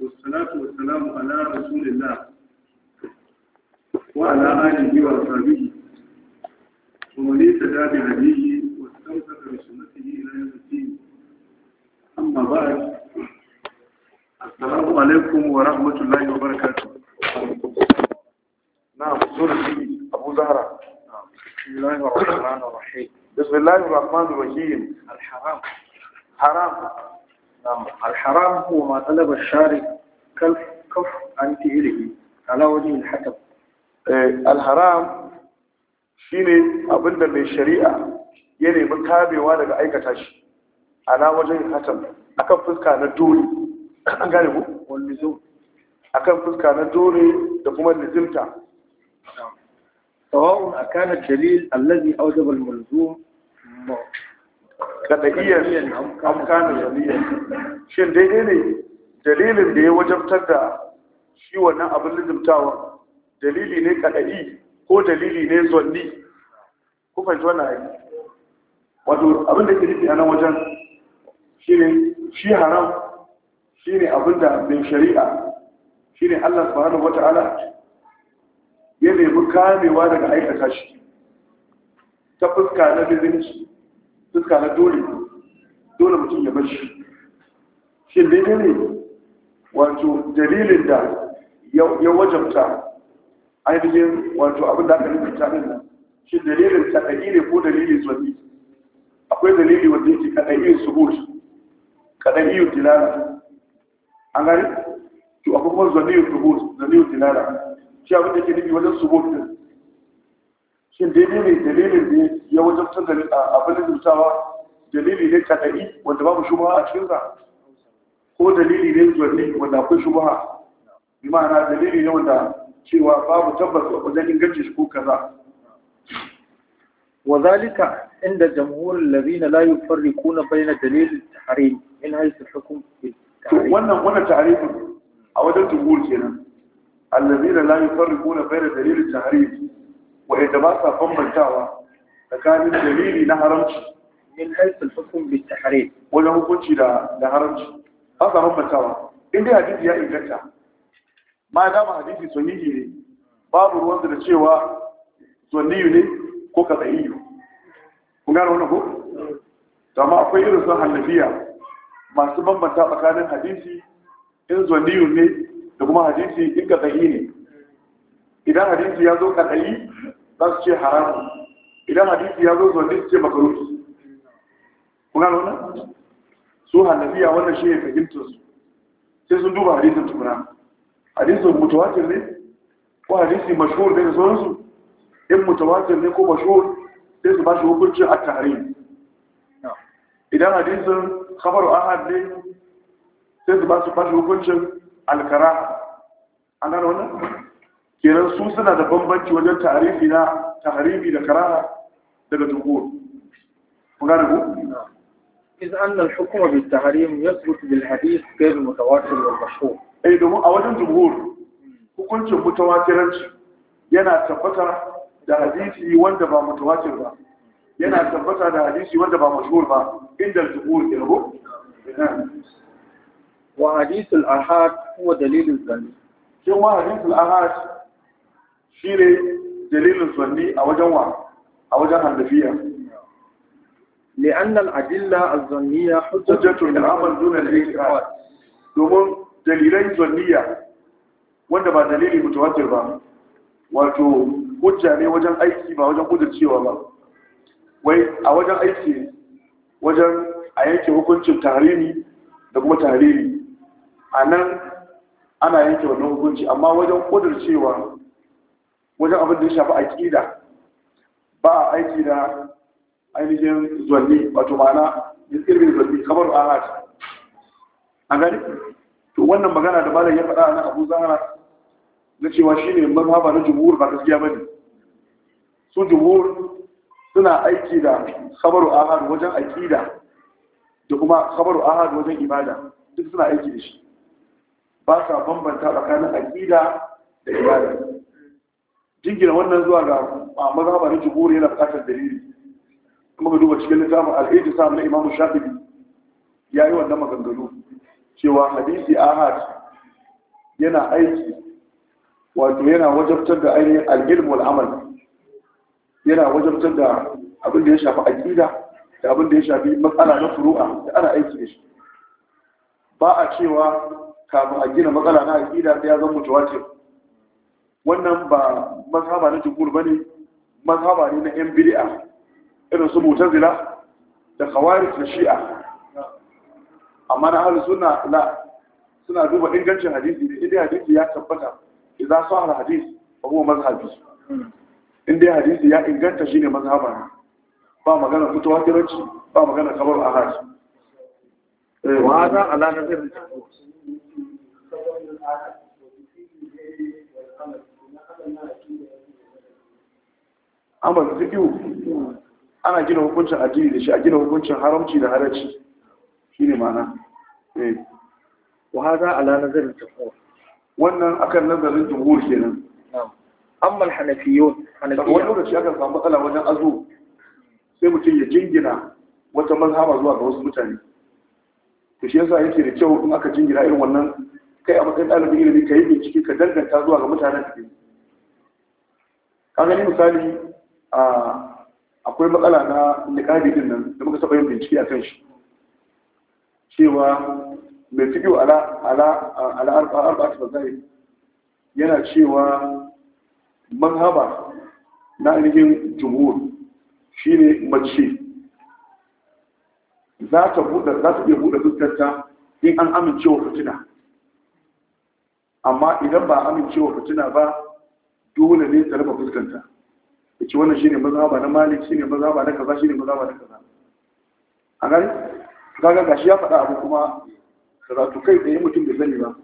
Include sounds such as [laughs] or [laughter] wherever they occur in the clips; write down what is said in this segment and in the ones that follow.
والصلاة والسلام على رسول الله وعلى آله وصحبه ومن اهتدى هديه واستمسك بسنته إلى يوم الدين أما بعد السلام عليكم ورحمة الله وبركاته نعم سورة أبو زهرة بسم الله الرحمن الرحيم بسم الله الرحمن الرحيم الحرام حرام الحرام هو ما طلب الشارع كف عن فعله على وجه الحكم الحرام shine abinda mai shari'a ya nemi kamewa daga aikata shi ala wajen hatam akan fuska na dole an gane ku wani zo akan fuska na dole da kuma lizimta sawa'un akana dalil allazi awjaba mulzum kaɗa'iyyar amkanin zaliya shin daidai ne dalilin da ya wajabtar da shi wannan abin lizimtawa dalili ne kaɗa'i ko dalili ne zonni ku fahimci wannan ayi wato abin da ke nufi a nan wajen shi ne shi haram shi ne abin da mai shari'a shi ne allah subhanahu wata'ala ya nemi kamewa daga aikata shi ta fuska na bizinci fuska na dole dole mutum ya bashi shi ne ne wato dalilin da ya wajabta ainihin wato abin da aka nufi min nan shi dalilin takaɗi ne ko dalilin zuwa akwai dalili wanda yake kaɗa'iyyar subut kaɗa'iyyar dilala an gani to akwai kuma zaniyar subut zaniyar dilala shi abin da ke nufi wajen subut din shi daidai ne dalilin da yake ya wajabtar da abin da zubtawa dalili ne kaɗa'i wanda babu shubaha a cikinsa ko dalili ne zuwanne wanda akwai shubaha bi ma'ana dalili ne wanda cewa babu tabbas wajen ingancin shi ko kaza وذلك عند جمهور الذين لا يفرقون بين دليل التحريم من حيث الحكم بالتحريم وانا وانا تعريف اولا جمهور كده الذين لا يفرقون بين دليل التحريم وإذا باسا فمن تاوى tsakanin dalili na haramci min haisul hukum bi tahrim wajen hukunci da da haramci ba sa bambantawa in dai hadisi ya inganta ma da ma hadisi sahihi ne babu ruwan da cewa yi ne ko kadaiyu kun gane wannan ko to amma akwai irin sun hanafiya masu bambanta tsakanin hadisi in yi ne da kuma hadisi in kadaiyi ne idan hadisi ya zo kadaiyi za su ce haramun idan hadisi ya zo zuwa ce makaruhi kun gano su hanafiya wannan shi ne fahimtar su sai sun duba hadisin tukuna hadisun mutawatir ne ko hadisi mashhur ne da sauransu in mutawatir ne ko mashhur sai su ba shi hukuncin a tare idan hadisun kamar ahad ne sai su ba su ba shi hukuncin alkara a nan wannan kenan su suna da bambanci wajen tarifi na da karara. daga jumhur kun gane ku إذ أن الحكم بالتحريم يثبت بالحديث غير المتواتر والمشهور. أي دمو أولا جمهور hukuncin mutawatiranci yana tabbata da hadisi wanda ba mutawatir ba yana tabbata da hadisi wanda ba mashhur ba inda al-zuhur irbu wa hadith al-ahad huwa dalil al-zanni shi wa hadith al-ahad shine dalil al-zanni a wajen wa a wajen hannafiya li'annan adilla a zanniya hujjajjatun da amal dunan ikirad domin dalilai zanniya wanda ba dalili mutuwatir ba wato hujja ne wajen aiki ba wajen hujjacewa ba wai a wajen aiki wajen a yanke hukuncin tarihi da kuma tarihi? a nan ana yanke wannan hukunci amma wajen kudurcewa wajen abin da ya shafi aƙida ba a aiki da ainihin zuwanni wato ma'ana irin zuwanni kamar ahad A gani to wannan magana da malar ya faɗa na abu zara na cewa shi ne mazhaba na jumhur ba gaskiya ba ne su jumhur suna aiki da a ahad wajen aƙida da kuma a ahad wajen ibada duk suna aiki da shi ba sa bambanta tsakanin aƙida da ibada jingina wannan zuwa ga mazhabarin jumhur yana bukatar dalili kuma duba cikin littafin al'aji sa na imamu shafi'i ya yi wannan maganganu cewa hadisi ahad yana aiki wato yana wajabtar da ainihin al'ilm wal amal yana wajabtar da abin da ya shafi aqida da abin da ya shafi matsala na furu'a da ana aiki da shi ba a cewa kafin a gina matsala na aqida da ya zama mutawatir wannan ba mazhaba na jumhur bane mazhaba ne na yan bid'a irin su mu'tazila da khawarij da shi'a amma na ahlus sunna la suna duba ingancin hadisi ne idan hadisi ya tabbata idza sahha hadis fa huwa mazhabi In dai hadisi ya inganta shine mazhaba ba magana fitowa kiranci ba magana kabar ahad eh wa hada ala nazir an ba su ana gina hukuncin addini da shi a gina hukuncin haramci da haramci shi ne mana eh. wa haza ala nazarin jumhur wannan akan nazarin ke nan amma hanafiyun hanafiyun wani lokaci akan samu matsala wajen azu sai mutum ya jingina wata mazhaba zuwa ga wasu mutane to shi yasa yake da kyau in aka jingina irin wannan kai a matsayin ɗalibin ilimi ka yi bincike ka danganta zuwa ga mutanen da a gani misali akwai matsala na niƙabi din nan da muka saba yin bincike a kan shi cewa mai fiƙo ala ta mazahib yana cewa manhaba na ainihin jumhur shine mace za ta buɗe za ta iya buɗe fuskarta in an amincewa fitina amma idan ba amincewa fitina ba dole ne ta raba fuskanta ci wannan maza ba na malik maza ba na kaza shi ne maza ba na kaza a gani kaga gashi ya faɗa abu kuma karatu kai yi mutum bai zani ba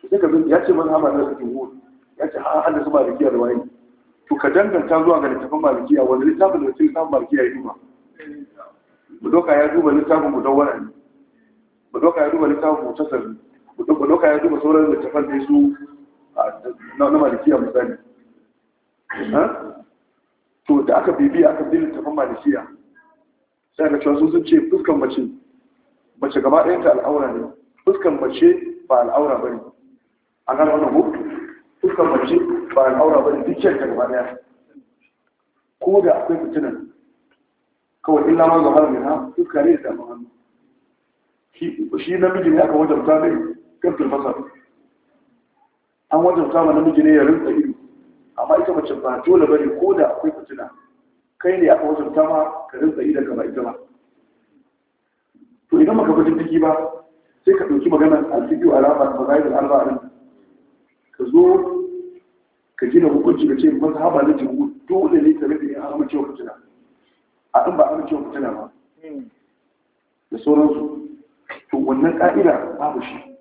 to sai ka zan ya ce maza ba na jumhur ya ce har da su malikiya da wani to ka danganta zuwa ga littafin malikiya wanda littafin da littafin malikiya ya duba mu doka ya duba littafin mu don wani mu doka ya duba littafin mu tasar mu doka ya duba sauran littafan da su na malikiya misali to da aka bibiya aka bi littafin malikiya sai aka cewa sun ce fuskan mace mace gaba ɗaya ta al'aura ne fuskan mace ba al'aura ba ne a nan wannan ko fuskan mace ba al'aura ba ne duk ta gaba ɗaya ko da akwai fitinan kawai illa ma gaba ne na fuska ne da hannu shi namiji ne aka wajen ta ne kan turfasa an wajen kama namiji ne ya rinka ido amma ita mace ba dole bane ko da akwai fitina kai ne aka wajen kama ka rinka ido ka ba ita ba to idan maka fitin ciki ba sai ka ɗauki maganar alfiƙi a rafa ba za yi ka zo ka gina hukunci ka ce masu haɓa na jihu dole ne ta rufe in a amince wa fitina a ɗin ba amince wa fitina ba hmm. da sauransu to wannan ƙa'ida babu shi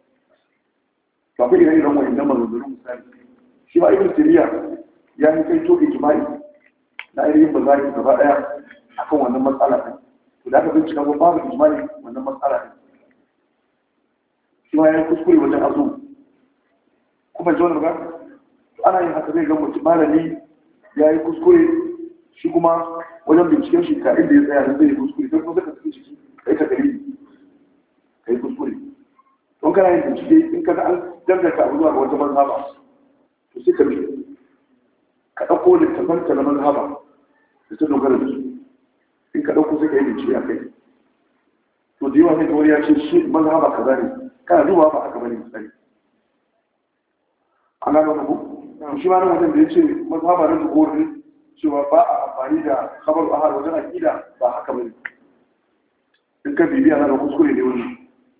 ba ku ire iren wa'annan maganganun misali shi ba ibn tiriya ya yi kai to jima'i na irin bazari gaba daya akan wannan matsala ne to da aka bincika ko babu ijma'i wannan matsala ne shi ma ya kuskure wajen azu kuma jona ba ana yin haka zai ga mutum malami ya yi kuskure shi kuma wajen binciken shi ka inda ya tsaya zai yi kuskure sai kuma ka tafi ciki kai ka gari kai kuskure in kana yin bincike in ka an danganta abu zuwa ga wata mazhaba to sai ka bi ka ɗauko littafan ta na mazhaba da ta dogara da su in ka ɗauko sai ka yi bincike a kai to da yawa ne ka wani ya ce shi mazhaba kaza ne kana duba ba haka bane misali an gano na ku shi ma nan wajen da ya ce mazhaba na dogori cewa ba a amfani da khabar ahad wajen aqida ba haka bane in ka bibiya na da kuskure ne wani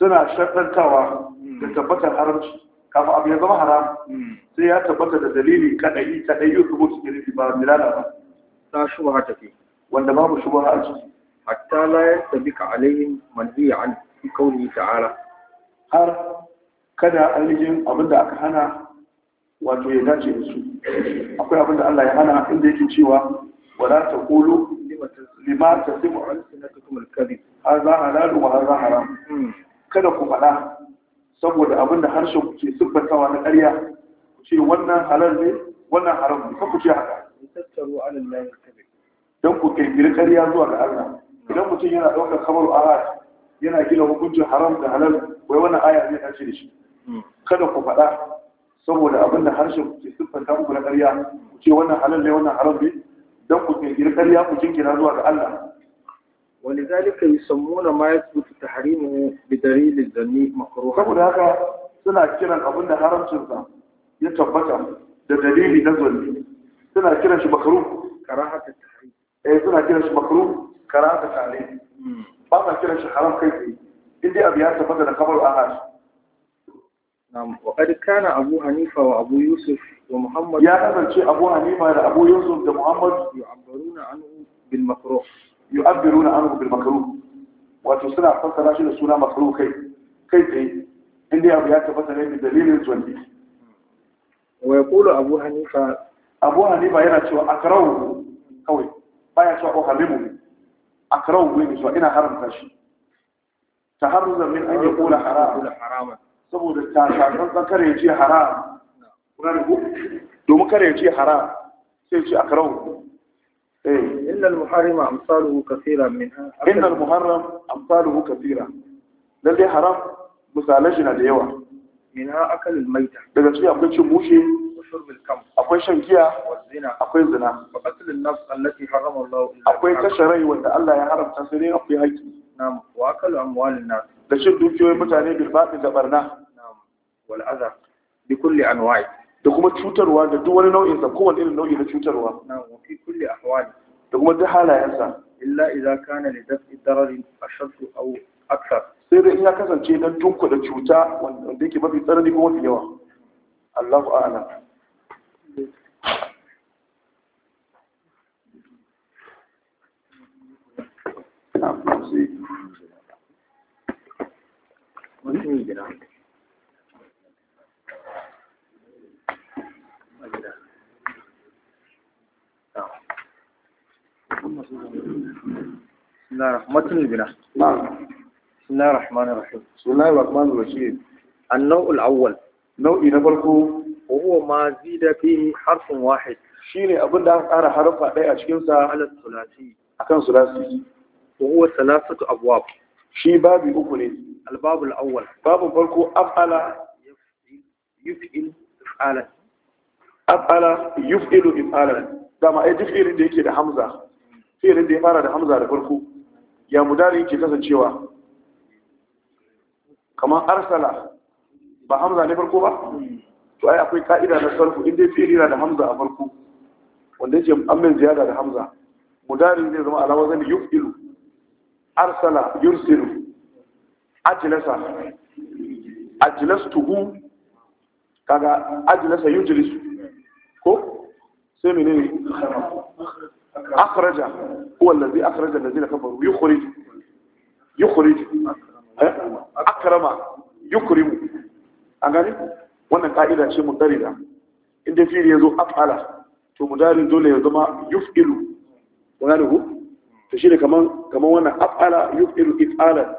suna shaɗantawa da tabbatar haramci kafin abu ya zama haram hmm. sai ya tabbata da dalili kaɗai kaɗai yau kuma cikin rufi ba milana ba ta shubha tafi wanda babu shubha a ciki hatta la yastabika alaihim manhiya an fi kauni ta'ala har kada ainihin abinda aka hana wato ya dace da su akwai abinda Allah ya hana inda yake cewa wala taqulu lima tasimu alsinatukum alkadhib hadha halal wa hadha haram hmm. kada ku faɗa saboda abinda harshen ku ke siffantawa na ƙarya ku ce wannan halar ne wannan haram ne ku ce haka don ku kirkiri ƙarya zuwa ga Allah idan mutum yana ɗaukar kamar ahad yana gina hukuncin haram da halal wai wannan aya ne dace da shi hmm. kada ku faɗa saboda abinda harshen ku ke siffanta muku na ƙarya ku ce wannan halal ne wannan haram ne don ku kirkiri ƙarya ku jinkira zuwa ga Allah ولذلك يسمون ما يثبت تحريمه بدليل الذم مكروها saboda haka suna kiran abin da ya tabbata da dalili na zalli suna kiran shi makruh karahatu tahrim eh suna hmm. ba sa kiran shi kai tsaye in dai abu da kabar ahad na'am wa qad abu hanifa wa abu yusuf wa muhammad ya abu hanifa da abu yusuf da muhammad yu'abbaruna anhu bil yu'abbiruna anhu bil makruh wato suna fassara shi da suna makruh kai kai tsaye inda ya tabbata ne da dalilin zuwanni wa yaqulu abu hanifa abu hanifa yana cewa akrahu kawai baya cewa uharimu akrahu ne cewa ina haramta shi taharruzan min an yaqula haram saboda ta shakan ya ce haram kuna da domin kare ya ce haram sai ce akrahu إن المحرم أمثاله كثيرا منها إن المحرم أمثاله كثيرا للي حرام مثالجنا ديوة منها أكل الميتة daga cikin akwai cin akwai shan giya akwai zina faqatul nafs allati harama Allah akwai kashe rai wanda Allah ya haramta sai dai akwai haƙi wa akalu amwalin nas da cin dukiyoyin mutane bil batil da barna na'am wal adha bi kulli anwa'i da kuma cutarwa da duk wani nau'in sa kowane irin nau'i na cutarwa da kuma duk halayensa illa idza kana li dafi darari ashad aw akthar sai dai in ya kasance dan da cuta wanda yake mafi tsanani ko mafi yawa Allahu a'lam Thank you. na rahmatul bina بسم الله الرحمن الرحيم بسم الله الرحمن الرحيم النوع الأول نوع نبركو وهو ما زيد فيه حرف واحد شيني أبدا ده أنا حرف أدي أشكيوسا على الثلاثي أكان ثلاثي وهو ثلاثة أبواب شي بابي أكوني الباب الأول باب بركو أفعل يفعل إفعالا أفعل يفعل إفعالا دام أي تفعيل ديكي ده حمزة fi'ilin da ya fara da hamza da farko ya mudari ke kasancewa kamar arsala ba hamza ne farko ba to ai akwai ka'ida na sarfu inda ya fiye da hamza a farko wanda yake amin ziyada da hamza mudari zai zama alama zan ilu arsala yursilu ajilas tuhu kaga ajilasa yujilisu ko sai menene أخرج هو الذي أخرج الذين كفروا يخرج يخرج أكرم يكرم أغاني wannan ka'ida ce mudarida inda fi'il yazo af'ala to mudarin dole ya zama yuf'ilu wannan ku to shine kaman kaman wannan af'ala yuf'ilu if'ala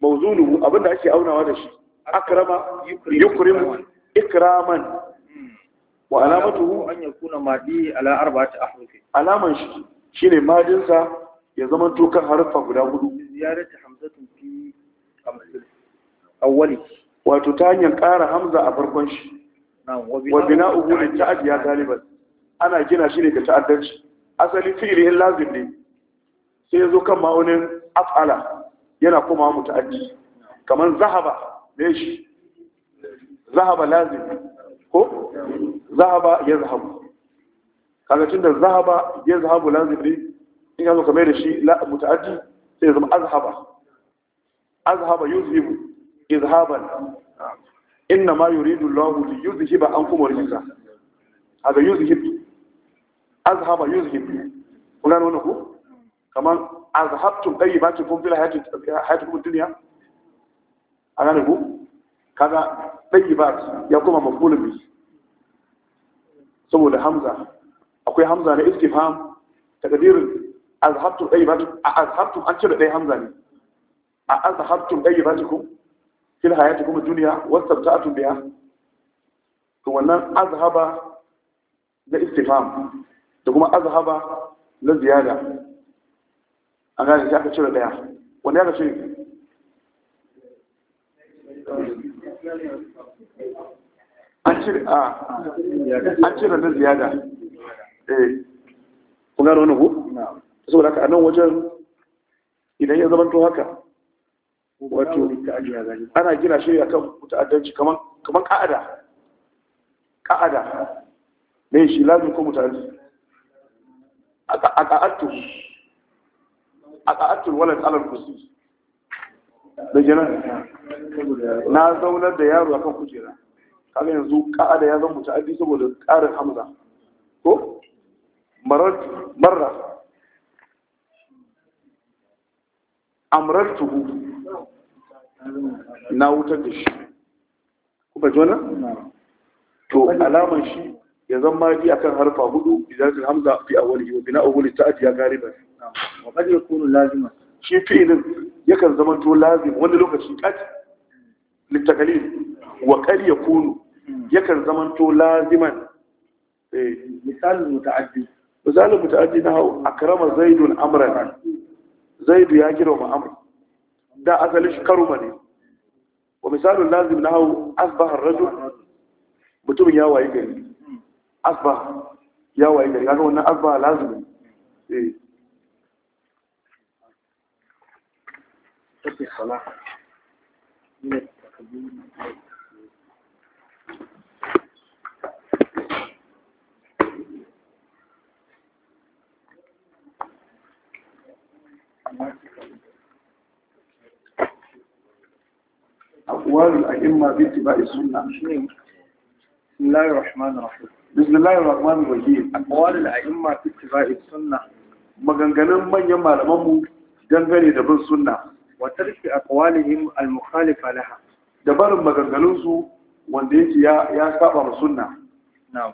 mawzunu abinda ake aunawa da shi akrama ikraman wa alamatuhu an yakuna madi ala arba'ati ahrufi alaman shi shine madin sa ya zama to kan harfa guda hudu ziyarati hamzatin fi awwali wato ta hanyar ƙara hamza a farkon shi wa bina'uhu lil ta'ad ya taliban ana gina shi ne ga ta'addanci asali fi'li in lazim ne sai yazo kan ma'unin af'ala yana kuma ta'addi. Kamar zahaba ne shi zahaba lazim ko zahaba ya zahabu kaga tunda zahaba ya zahabu lazim in ka zo kamar da shi la mutaaddi sai ya zama azhaba azhaba yuzhibu izhaban inna ma yuridu Allah li yuzhiba ankum rijsa haka yuzhib azhaba yuzhib kuna nuna ku kaman azhabtum tayyibatikum fil hayati hayatikum dunya ana ku kaga tayyibat ya kuma mafulun biyu. saboda hamza akwai hamza na istifham takdirin azhabtum a azhabtum an cire dai hamza ne a azhabtum tayyibatikum fil hayatikum ad-dunya wastabta'tum biha to wannan azhaba na istifham da kuma azhaba na ziyada an gane sai aka cire daya wanda ya ka cire an cire na ziyada eh kun gano wani ku saboda haka a nan wajen idan ya zama to haka wato ana gina shi a kan muta'addanci kamar ka'ada ka'ada ne shi lazim ko mutane a ka'attu a ka'attu wala ta'alar kusi da jina na zaunar da yaro akan kujera kaga yanzu ka'ada ya zama mutu'addi saboda ƙarin hamza ko marar marra amrartuhu na wutar da shi ba jona to alaman shi ya zama ji akan harfa hudu bidarkin hamza fi awwalihi wa bina'uhu li ta'ati ya gariban wa qad yakunu lazima shi fi'ilin yakan zama to lazim wani lokaci kat litakalil wa qad yakunu yakan zamanto laziman eh, misalin muta'addi misalin muta'addi na hau akrama zaidun amran zaidu ya kira wa amr da asalin shi ma ne wa misalin lazim na hau asbahar rajul mutumin ya waye gari asbah ya waye gari kaga wannan asbah lazim eh sala أقوال الأئمة باتباع السنة بسم الله الرحمن الرحيم بسم الله الرحمن الرحيم أقوال الأئمة باتباع السنة maganganun manyan malamanmu dangane da bin sunna wa tarki aqwalihim al-mukhalifa laha da barin maganganunsu wanda yake ya ya saba ma sunna na'am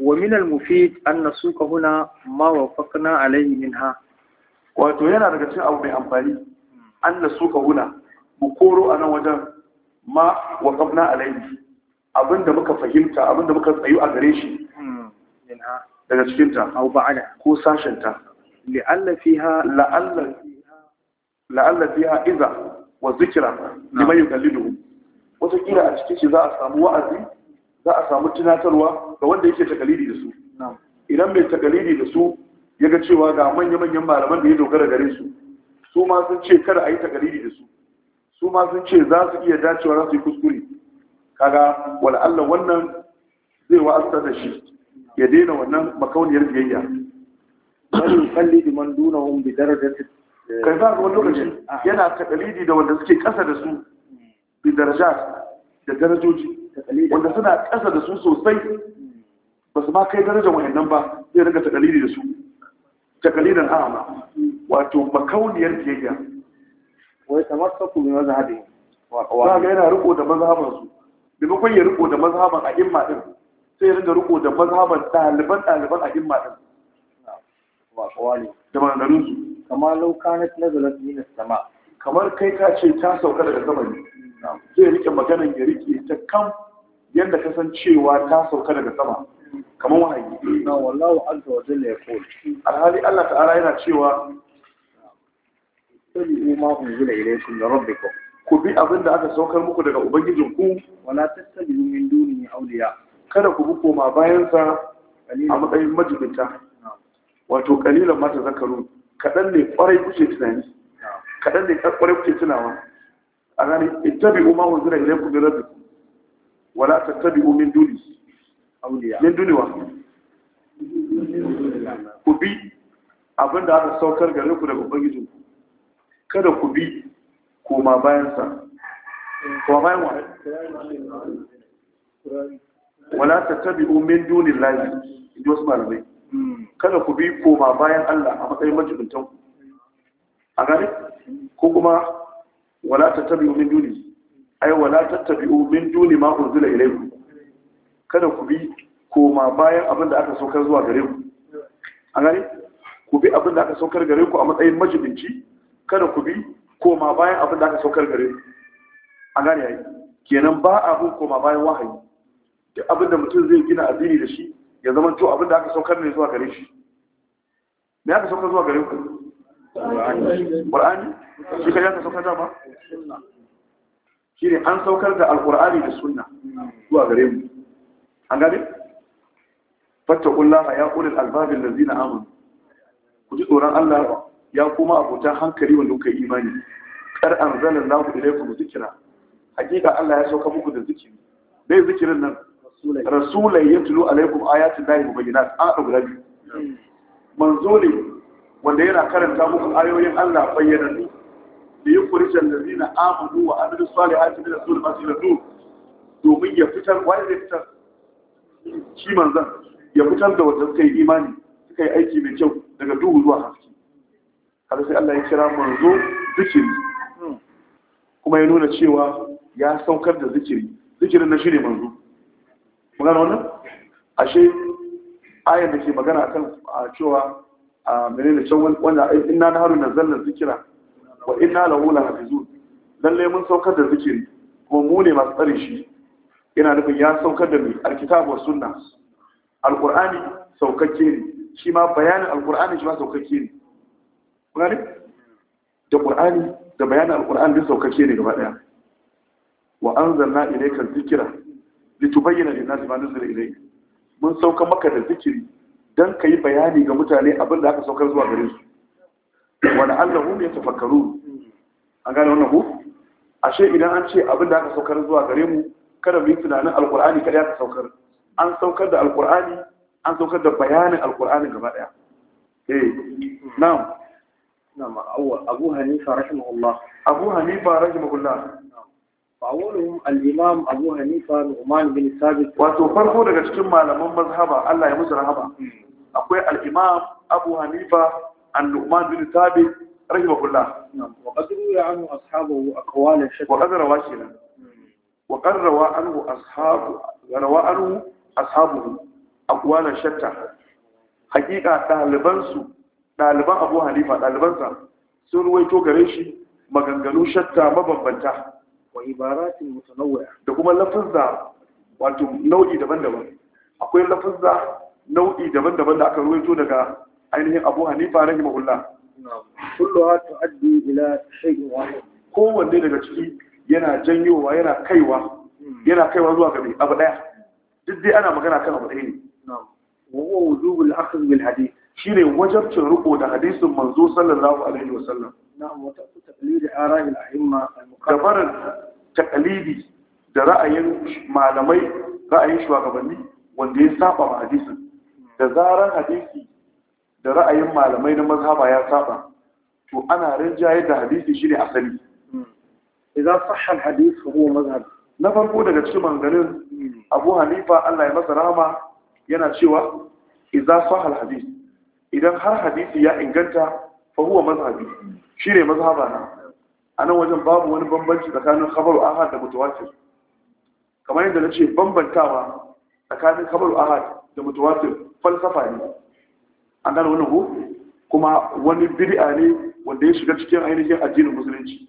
wa min al-mufid an nasuka huna ma wafaqna alayhi minha wato yana daga cin abu mai amfani an na suka huna mu koro a nan wajen ma wa kafna alaihi abinda muka fahimta abinda muka tsayu a gare shi daga cikinta au ko sashenta la'alla fiha la'alla la'alla fiha iza wa zikra liman yukallidu wata kila a cikin shi za a samu wa'azi za a samu tunatarwa ga wanda yake takalidi da su idan mai takalidi da su ya ga cewa ga manya-manyan malaman da ya dogara gare su su ma sun ce kada a yi takariri da su su ma sun ce za su iya dacewa za su yi kuskure kaga wala Allah wannan zai wa'asta da shi ya daina wannan makauniyar biyayya bal man duna hum bi darajati eh, kai ba ga lokaci eh, ah. yana takalidi da wanda suke kasa da su bi daraja da darajoji wanda suna kasa da su sosai ba su ma kai darajar wayannan ba zai rika takalidi da su takalidan a'ama wato makauniyar biyayya wai tamassaku bi mazhabihim wa ga yana riko da mazhaban su bimakon ya riko da mazhaban a imma din sai ya riga riko da mazhaban ɗaliban ɗaliban a imma din da maganganun su kamar laukanat nazalat min sama kamar kai ka ce ta sauka daga sama ne zai rike maganar ya rike ta kam yadda kasancewa ta sauka daga sama kamar wahayi na wallahu azza wa jalla yaqul alhali Allah ta'ala yana cewa tabi'u ma unzila ilaykum min rabbikum ku bi abin da aka saukar muku daga ubangijinku wala tattabi'u min dunihi awliya kada ku bi koma bayan sa a matsayin majibinta wato kalilan ma ta zakaru kadan ne kwarai kuke tunani kadan ne kwarai kuke tunawa a gani ittabi'u ma unzila ilaykum min rabbikum wala tattabi'u min dunihi min duniya ku bi abin da aka saukar gare ku daga ubangijin ku kada ku bi koma bayansa Kuma bayan wa wala tattabi'u min dunillahi inji wasu malamai kada ku bi koma bayan Allah a matsayin majibintan ku a gane ko kuma wala tabi min duni ai wala tabi min duni ma unzila ilaiku. kada ku bi koma bayan abin da aka saukar zuwa gare ku an gani ku bi abin da aka saukar gare ku a matsayin majibinci kada ku bi koma bayan abin da aka saukar gare ku an gani yayi kenan ba a bin koma bayan wahayi duk abin da mutum zai gina addini da shi ya zama to abin da aka saukar ne zuwa gare shi me aka saukar zuwa gare ku Qur'ani shi kai aka saukar da ba ne an saukar da alqur'ani da sunna zuwa gare mu an gabe fattakullaha ya ulil albabin zina amun ku ji tsoron Allah ya kuma abota hankali wanda kuka yi imani kar an zanen na ku ilai ku zikira hakika Allah ya sauka muku da zikiri dai zikirin nan rasulai ya tulo alaikum ayatin lahi mu bayyana a guda biyu manzo ne wanda yana karanta muku ayoyin Allah bayyana ne da yi kurishin lazina amanu wa amilu salihati su rasul masu domin ya fitar wani zai fitar shi manzan ya fitar da wata suka yi imani suka yi aiki mai kyau daga duhu zuwa haske har sai Allah ya kira manzo zikiri kuma ya nuna cewa ya saukar da zikiri zikirin na ne manzo magana wannan ashe ayar da ke magana akan cewa a menene can wanda inna na na zalla zikira wa inna lahu lahafizun lalle mun saukar da zikiri kuma mu ne masu tsare shi yana nufin ya saukar da mai alkitab sunna alqur'ani saukakke ne shi ma bayanin alkur'ani shi ma saukakke ne gani da kur'ani da bayanin alkur'ani din saukakke ne gaba daya wa anzalna zikira da litubayyana lin-nasi ma nuzila ilayhi mun sauka maka da zikiri ka yi bayani ga mutane abin da aka saukar zuwa gare su Wani wa la'allahum tafakkaru? an gane wannan ku ashe idan an ce abin da aka saukar zuwa gare mu kada mu yi tunanin alkur'ani kada ya saukar an saukar da alkur'ani an saukar da bayanin alkur'ani gaba daya eh na'am na'am abu hanifa rahimahullah abu hanifa rahimahullah fa'awuluhum al-imam abu hanifa nu'man bin sabit wato farko daga cikin malaman mazhaba Allah ya musu rahama hmm. akwai al-imam abu hanifa an-nu'man bin sabit rahimahullah na'am wa qad rawa anhu ashabuhu aqwalan shatta wa qad rawa shi وقد روى عنه أصحاب روى عنه أصحابه أقوالا شتى حقيقة ɗaliban abu halifa ɗalibansa sun ruwaito gare shi maganganu shatta mabambanta wa ibaratin mutanawwa da kuma lafazza wato nau'i daban-daban akwai lafazza nau'i daban-daban da aka ruwaito daga ainihin abu hanifa rahimahullah kullu ha tu'addi ila kowanne daga ciki yana janyowa yana kaiwa yana kaiwa zuwa gabe abu daya duk dai ana magana kan abu daya ne wa wujubul akhd bil hadith shine wajabcin riko da hadisin manzo sallallahu alaihi wasallam na'am wa taqlid ara'il a'imma al-muqarrar taqlidi da ra'ayin malamai ra'ayin shugabanni wanda ya saba ma hadisin da zaran hadisi da ra'ayin malamai na mazhaba ya saba to ana rinjaye da hadisi shine asali idan sahhan hadith huwa mazhab na farko daga cikin manganin Abu Hanifa Allah ya masa rahama yana cewa idan sahhan hadith idan har hadisi ya inganta fa huwa shine mazhaba na anan wajen babu wani bambanci tsakanin khabaru ahad da mutawatir kamar yadda nace bambantawa tsakanin khabaru ahad da mutawatir falsafa ne an gane wannan kuma wani bid'a ne wanda ya shiga cikin ainihin addinin musulunci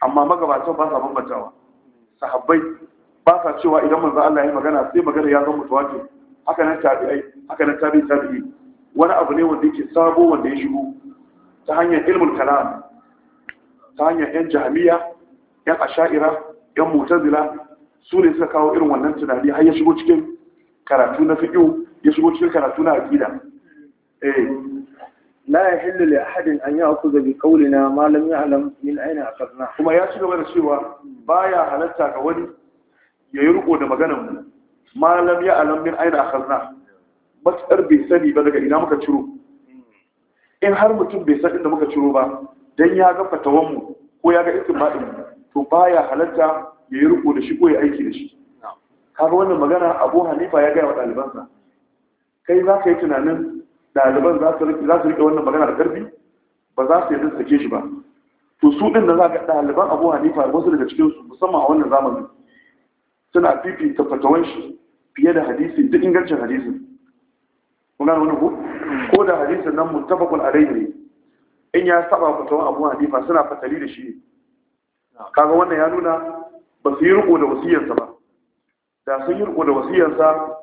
amma magabatan ba sa bambantawa sahabbai ba sa cewa idan manzo Allah ya magana sai magana ya zama mutawatir haka nan tabi'ai haka nan tabi'i tabi'i wani abu ne wanda yake sabo wanda ya shigo ta hanyar ilmul kalam ta hanyar yan jahamiya yan asha'ira yan mutazila su ne suka kawo irin wannan tunani har ya shigo cikin karatu na fiqh ya shigo cikin karatu na aqida eh la yahillu li ahadin an ya'khudha bi qawlina ma lam ya'lam min ayna akhadna kuma ya ci gaba da cewa baya halatta ga wani ya yi riko da maganar mu ma lam ya'lam min ayna akhadna bai sani ba daga ina muka ciro in har mutum bai san inda muka ciro ba dan ya ga fatawan mu ko ya ga istinbadin mu to baya halatta ya yi riko da shi ko ya aiki da shi kaga wannan magana Abu Hanifa ya gaya wa ɗalibansa. kai za ka yi tunanin ɗaliban za su riƙe wannan magana da ƙarfi ba za su yi yadda sake shi ba to su ɗin da za ga ɗaliban abu hanifa wasu daga cikinsu musamman a wannan zamanin suna fifita fatawan shi fiye da hadisi duk ingancin hadisin kun wani ko ko da hadisin nan muttafaqun alayhi ne in ya saba fatawan abu hanifa suna fatali da shi kaga wannan ya nuna ba su yi riƙo da wasiyarsa ba da sun yi riƙo da wasiyarsa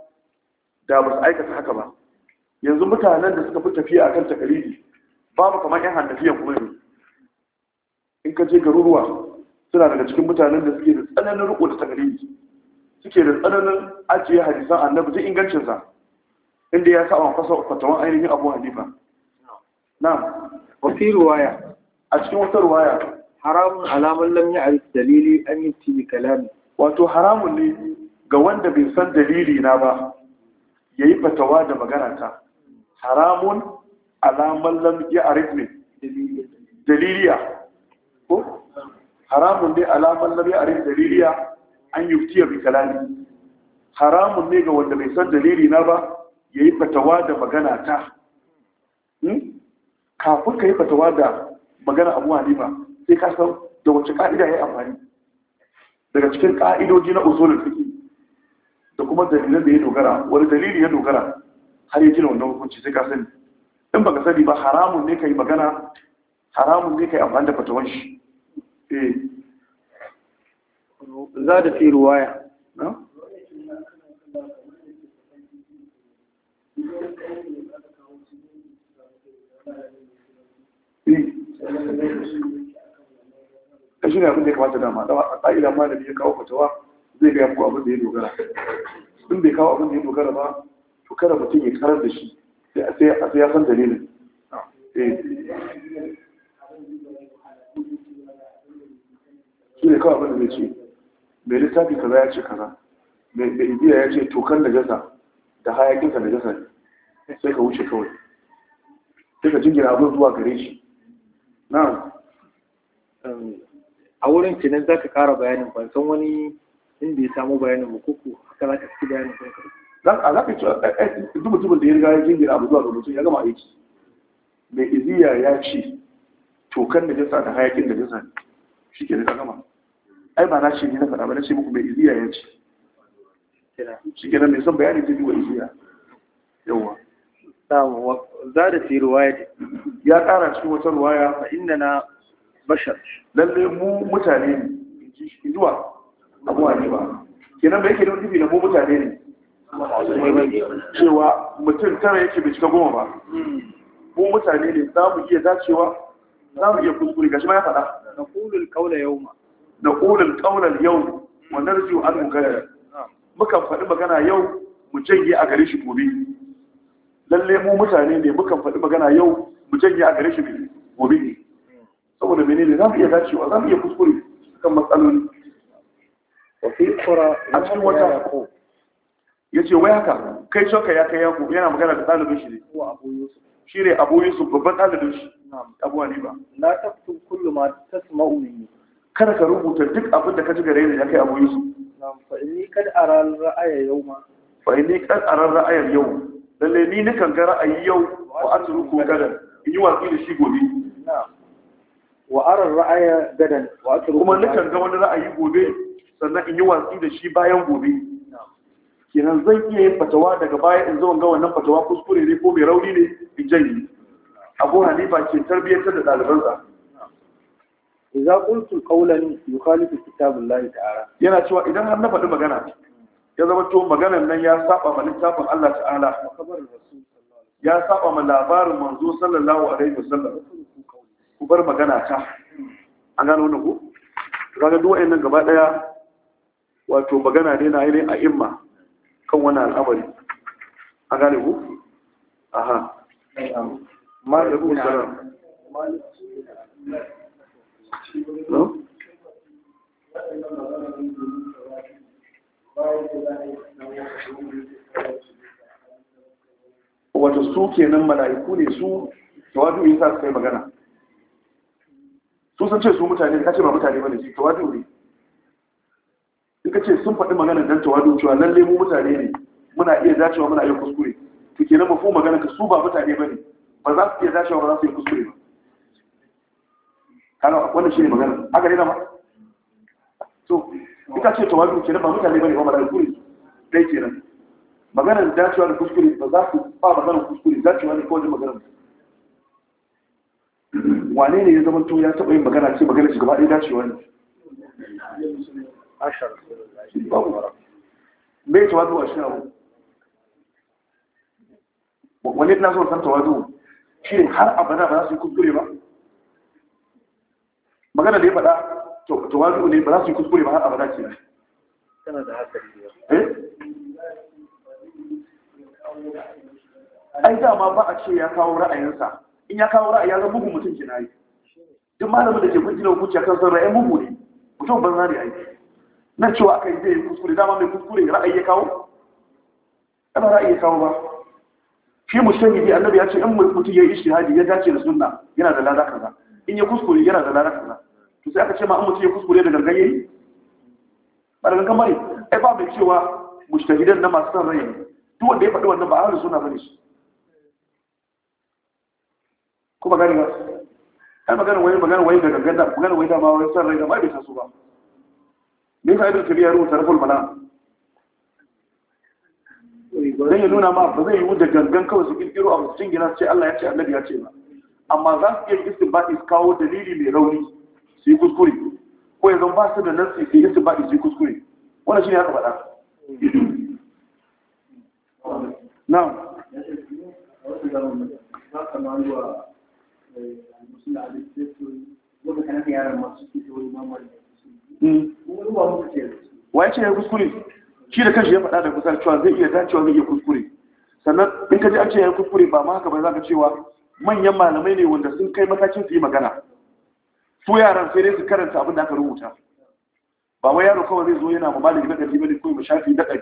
da ba su aikata haka ba yanzu mutanen da suka fi tafiya akan takalidi babu kamar yan hannafiyan kuma yanzu in ka je garuruwa suna daga cikin mutanen da suke da tsananin riko da takalidi suke da tsananin ajiye hadisan annabi zai ingancin sa inda ya sa wa fatawan ainihin abu hanifa na wafi ruwaya a cikin wata ruwaya haramun alamun lam ya arif dalili an yi tibi kalami wato haramun ne ga wanda bai san dalili na ba ya yi fatawa da magana ta haramun alamun lam a arifni daliliya ko haramun ne alamun lam a arif daliliya an fiye bi kalali haramun ne ga wanda mai san dalili na ba ya yi fatawa da magana ta hmm? kafin ka yi fatawa da magana abu halima sai ka san da wacce ka'ida ya yi amfani daga cikin ka'idoji na usulun fiki da kuma dalilin da ya dogara wani dalili ya dogara har yi jina wannan hukunci sai ka sani in baka sani ba haramun ne ka yi magana haramun ne ka yi amfani da fatawan shi eh. za da fi ruwaya da eh. shi ne abin da ya kamata dama da ƙa'ida da ya kawo fatawa zai gaya muku abin da ya dogara in bai kawo abin da ya dogara ba to kada mutum ya karar da shi sai a ya san dalilin eh. shi ne kawai wanda zai ce mai littafi kaza ya ce kaza mai ibiya ya ce tokar da jasa da hayakinsa da jasa ne sai ka wuce kawai sai ka jingina abin zuwa gare shi na a wurin kenan za ka kara bayanin ban san wani inda ya samu bayanin ba a haka za ka fi bayanin kanka dan a zaka ce eh, eh, dubu-dubu da ya riga ya jingira abu zuwa ga ya gama aiki mai iziya ya ce tokan da jasa da hayakin da jasa shi ke da gama ai ba na ce ni na faɗa ba na ce muku mai iziya ya ce shi ke mai son bayani jini wa iziya yawa za da fi ruwaya ya ƙara cikin wata ruwaya A inda na bashar lalle mu mutane ne zuwa abuwa ne ba kenan ba yake da wani na mu mutane ne cewa mutum tara yake bai cika goma ba mu mutane ne za mu iya dacewa za mu iya kuskure gashi ma ya faɗa na ƙulul ƙaunar yau ma na ƙulul ƙaunar yau wannan rijiyo an mukan faɗi magana yau mu janye a gare shi gobe lalle mu mutane ne mukan faɗi magana yau mu janye a gare shi gobe ne saboda menene za mu iya dacewa za mu iya kuskure kan matsaloli a cikin wata ya ce wai haka kai shakka ya kai yanku. yana magana da ɗalibin shi ne shi ne abu yusuf babban ɗalibin shi abu ne ba na tafi kullum ma ta sama'u ne kada ka rubuta duk abin da ka ji gare ni ya kai abu yusuf fa kan aran ra'ayar yau ma fa'ini kan kad ra'ayar yau lalle ni nakan ga ra'ayi yau wa atruku gadan in yi watsi da shi gobe wa gadan wa kuma nakan ga wani ra'ayi gobe sannan in yi watsi da shi bayan gobe kenan zan iya yin fatawa daga baya in zo ga wannan fatawa kuskure ne ko mai rauni ne in janye abu hanifa ke tarbiyyar da dalibansa idza qultu qawlan yukhalifu kitabullahi ta'ala yana cewa idan har na faɗi magana ya zama to maganar nan ya saba ma littafin Allah ta'ala ya saba ma labarin manzo sallallahu alaihi wasallam ku bar magana ta an gano wannan ku kaga duk wayannan gaba daya wato magana ne na ainihin a'imma kan wani al'amari a galibu? aha malikun salam no? wato su kenan mala'iku ne su tawadu yi sa su kai magana su sun ce su mutane ka ce ba mutane ba ne su tawadu ne ce sun faɗi magana don tawadu cewa lalle mu mutane ne muna iya dacewa muna iya kuskure to kenan mafu magana ka su ba mutane ne ba za su iya dacewa ba za su yi kuskure ba kana wannan ne magana aka rena ba to ita ce tawadu kenan ba mutane ba ne ba ba da kuskure dai kenan maganar dacewa da kuskure ba za su ba maganar kuskure dacewa ne kawai maganar wane ne ya zama to ya taɓa yin magana ce magana shi gaba ɗaya dacewa ne ashar bai tawadu a shi abu wani na zuwa san tawadu shi har abada ba za su yi kuskure ba magana da ya faɗa tawadu ne ba za su yi kuskure ba har abada ke tana da hatsari eh? ai dama ba a ce ya kawo ra'ayinsa in ya kawo ra'ayi ya zama bugun mutum jinayi duk malamin da ke kun kujina hukunci a kan son ra'ayin bugu ne mutum ban zari aiki nan cewa aka yi zai kuskure dama mai kuskure ra'ayi ya kawo ba ra'ayi ya kawo ba shi mushtahidi annabi ya ce in mutum ya yi ishtihadi ya dace da sunna yana da lada kaza in ya kuskure yana da lada kaza to sai aka ce ma in ya kuskure da gangan yayi ba da gangan bane ai ba mai cewa mushtahidan na masu son rai duk wanda ya faɗi wannan ba ahlus sunna bane shi kuma gani ba ai magana wai magana wai da gangan da magana wai da ma wai son rai da ba bai su ba me yi ibn biyar rubuta raful malam zai yi nuna ma ba zai yiwu da gangan kawai su kirkiro a mutum gina su ce Allah ya ce annabi ya ce ba amma za su iya ba is kawo dalili mai rauni su yi kuskure ko yanzu ba su da nan su yi ba su yi kuskure wannan ne haka faɗa na wanda wance ya kuskure shi da kashi ya faɗa da kusa cewa zai iya dacewa zai iya kuskure sannan in ka ji an ce ya kuskure ba ma haka ba za ka cewa manyan malamai ne wanda sun kai matakin su yi magana su yaran sai dai su karanta abin da aka rubuta ba wai yaro kawai zai zo yana ma malami na ɗari ne ko ya shafi na ɗari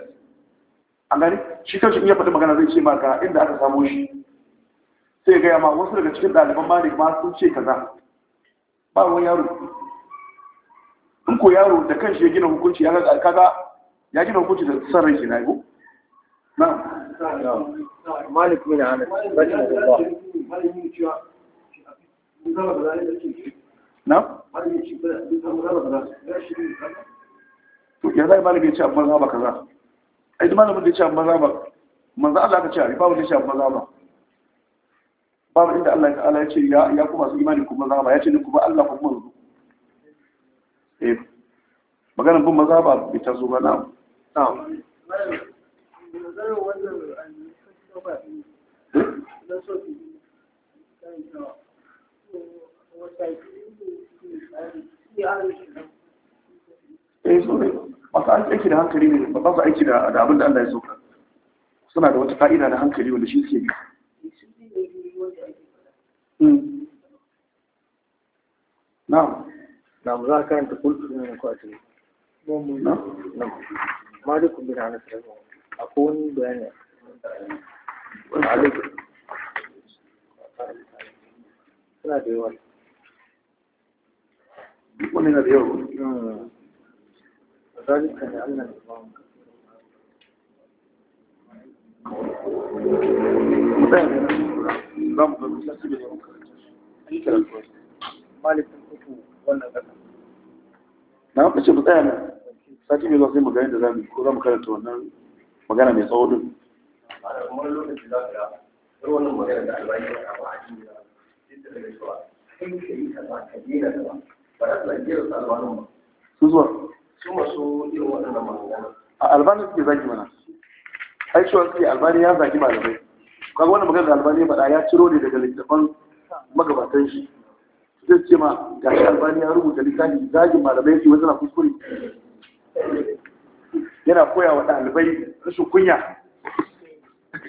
an gani shi kanshi in ya faɗi magana zai ce ma ga inda aka samo shi sai ya gaya ma wasu daga cikin ɗaliban malami ma sun ce kaza ba wani yaro in ko yaro da kanshi ya gina hukunci ya ga kaga ya gina hukunci da san rai na ko na malik bin anas rahimahullah na to ya zai malik ya ce amma za ba kaza ai duk malamin da ya ce amma za ba manzo Allah ka ce a riba wanda ya ce amma za ba babu inda Allah ta'ala ya ce ya kuma su imani kuma za ba ya ce ni kuma Allah kuma manzo eh maganar bin maza ba bai taso ba na eh so ne masu aiki da hankali ne ba su aiki da abin da Allah ya soka suna da wata fa'ida na hankali wanda shi ke bi hmm. na'am na mu za a karanta kultu ne ko a cikin na ma dai kun bi na nasu a kowane bayani suna da yawa wani na da yawa hmm. zalika ne allah ne wannan na kace sati mai zuwa yi magana da ko karanta wannan magana mai tsawo din za a yi za sa albanin magana a albanin suke zaki mana ai cewa suke albani ya zaki malamai kaga wannan magana da albani ya faɗa ya ciro ne daga littafan magabatan shi zai ce ma ga shi albani ya rubuta littafi zagin malamai ce wasu kuskure yana koya wa ɗalibai rashin kunya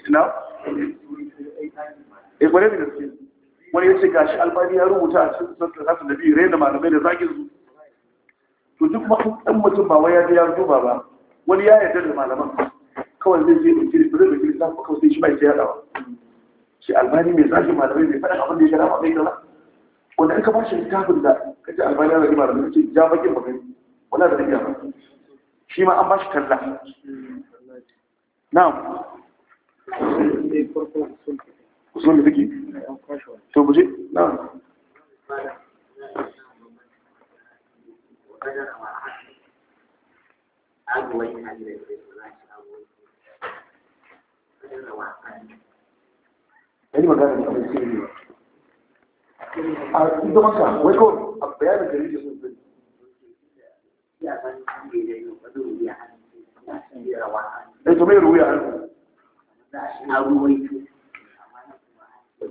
na e eh, kwarai da gaske wani ya ce ga shi albani ya rubuta a cikin sassan sassan da biyu raina malamai da zagin su to duk ɗan mutum ba wai ya ji ya duba ba wani ya yarda da malaman kawai zai je ɗauki da zai ɗauki littafi kawai sai shi ba ya ce yaɗawa shi albani mai zagin malamai bai faɗin abin da ya gara ba mai gaba wanda in ka ba shi littafin da ka ce albani ya rigima da ka ce ja bakin magani wala da rigima shi ma an ba shi kalla na'am usul da take to buje na'am Any magana da abin sirri ba. a ita maka wai kawai a bayanin gari da sun sani da eh, to mai ruwa hannu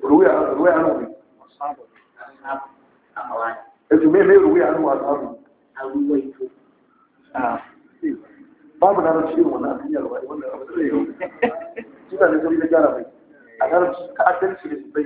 ruwa ruwa hannu da eh, to mai mai ruwa a tsarin ah. babu na rashin yin wannan abin yalwa wannan abin da yau suna da sauri da gyara mai a larabci ka adalci da su bai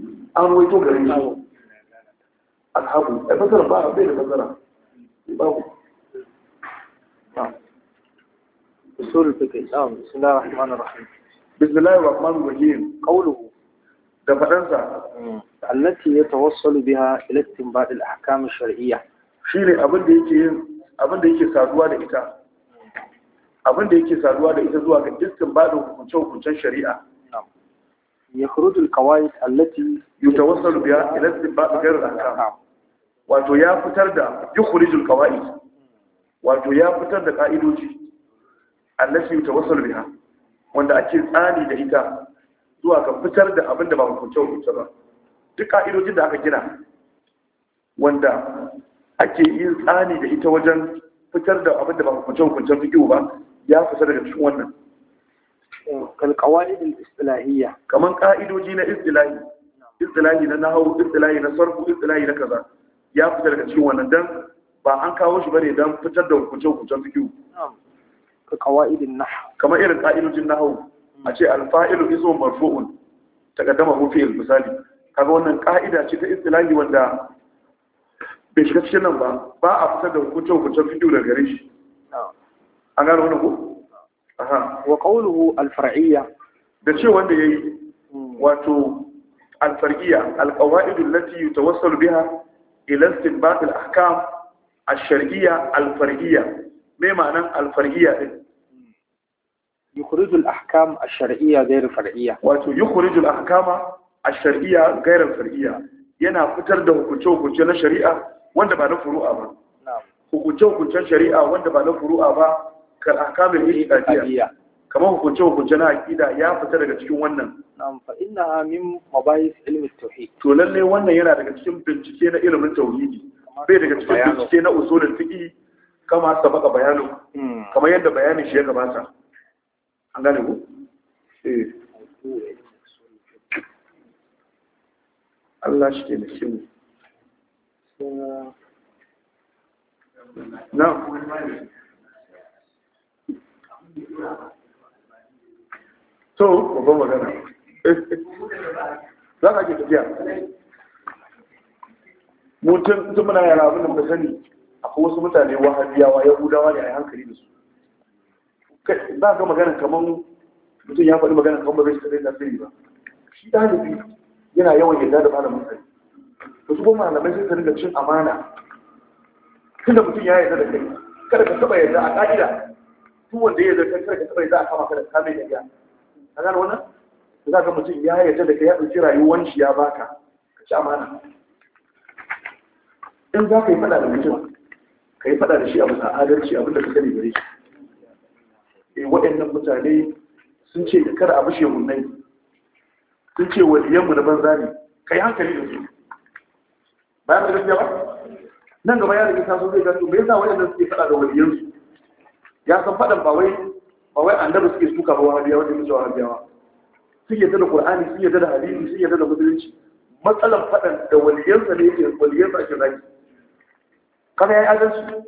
an ruwaito gare shi alhabu a fasara ba bai da fasara babu usul fiqh na'am bismillahir rahmanir rahim bismillahir rahmanir rahim qawluhu da fadansa hmm. allati yatawassalu biha ila istinbat al ahkam al shar'iyya shine abin da yake yin abin da yake saduwa da ita Abinda yake saduwa da ita zuwa ga diskin baɗin hukunce hukuncen shari'a يخرج القواعد التي يتوصل بها إلى استنباط غير الأحكام wato ya fitar da yukhrijul qawaid wato ya fitar da ka'idoji allati yatawassal biha wanda ake tsani da ita zuwa ga fitar da abin da ba hukunce hukunce ba duk ka'idojin da aka gina wanda ake yin tsani da ita wajen fitar da abin da ba hukunce hukunce ba ya fitar daga cikin wannan kalqawaid istilahiyya kaman ka'idoji na istilahi istilahi na nahwu istilahi na sarku istilahi na kaza ya fita daga cikin wannan dan ba an kawo shi bane dan fitar da hukunce hukuncin fikihu ka qawaidin nahw kamar irin ka'idojin nahwu a ce al-fa'ilu ismun marfu'un taqaddama hu fi'l misali kaga wannan ka'ida ce ta istilahi wanda bai shiga cikin nan ba ba a fitar da hukuncin hukuncin fikihu daga gare shi an gano wannan ko wa qawluhu al-far'iyya da ce wanda yayi hmm. wato al-far'iyya al-qawaid allati yutawassalu biha ila istinbat al-ahkam al-shar'iyya al-far'iyya me ma'anan al-far'iyya din hmm. yukhrij al-ahkam al-shar'iyya ghayr far'iyya wato yukhrij al-ahkama al-shar'iyya ghayr far'iyya yana fitar da hukunce-hukunce na shari'a wanda ba na furu'a ba hukunce-hukuncen shari'a wanda ba na furu'a ba kal ahkamin iqadiyya kamar hukunce hukunce na aqida ya fita daga cikin wannan na'am fa inna min mabayis ilmi tauhid to wannan yana daga cikin bincike na ilimin tauhidi bai daga cikin bincike na usulul fiqh kama sabaka bayanu hmm. kamar yadda bayanin shi ya gabata to babban magana eh, eh. za ka ke tafiya mutum sun muna yara abin da muka sani akwai wasu mutane wahabiyawa yahudawa ne a yi hankali da su za ga magana kamar mutum ya faɗi magana kamar bai kadai tasiri ba shi ɗalibi yana yawan yarda da malamin sani to su goma malamai sai su rinka cin amana tunda mutum ya yarda da kai kada ka taɓa yarda a ƙa'ida duk wanda ya zartar kai da kai za a kama ka da kame da ya ka gane wannan za ka mutum ya yarda da kai ya ɗauki rayuwar shi ya baka ka ci amana in za ka yi faɗa da mutum ka yi faɗa da shi a bisa adalci abin da ka sani gare shi eh waɗannan mutane sun ce da kada a bushe hunnai sun ce waliyanmu na banza ne ka yi hankali da su bayan da gaskiya ba nan gaba ya rikin taso zai gasu me yasa waɗannan suke faɗa da waliyansu ya san faɗan ba wai ba wai annabi suke suka ba wahabiya wanda suke wahabiyawa sun yadda da qur'ani sun yadda da hadisi sun yadda da musulunci matsalan faɗan da waliyansa ne yake waliyansa ake zagi kana yi adalci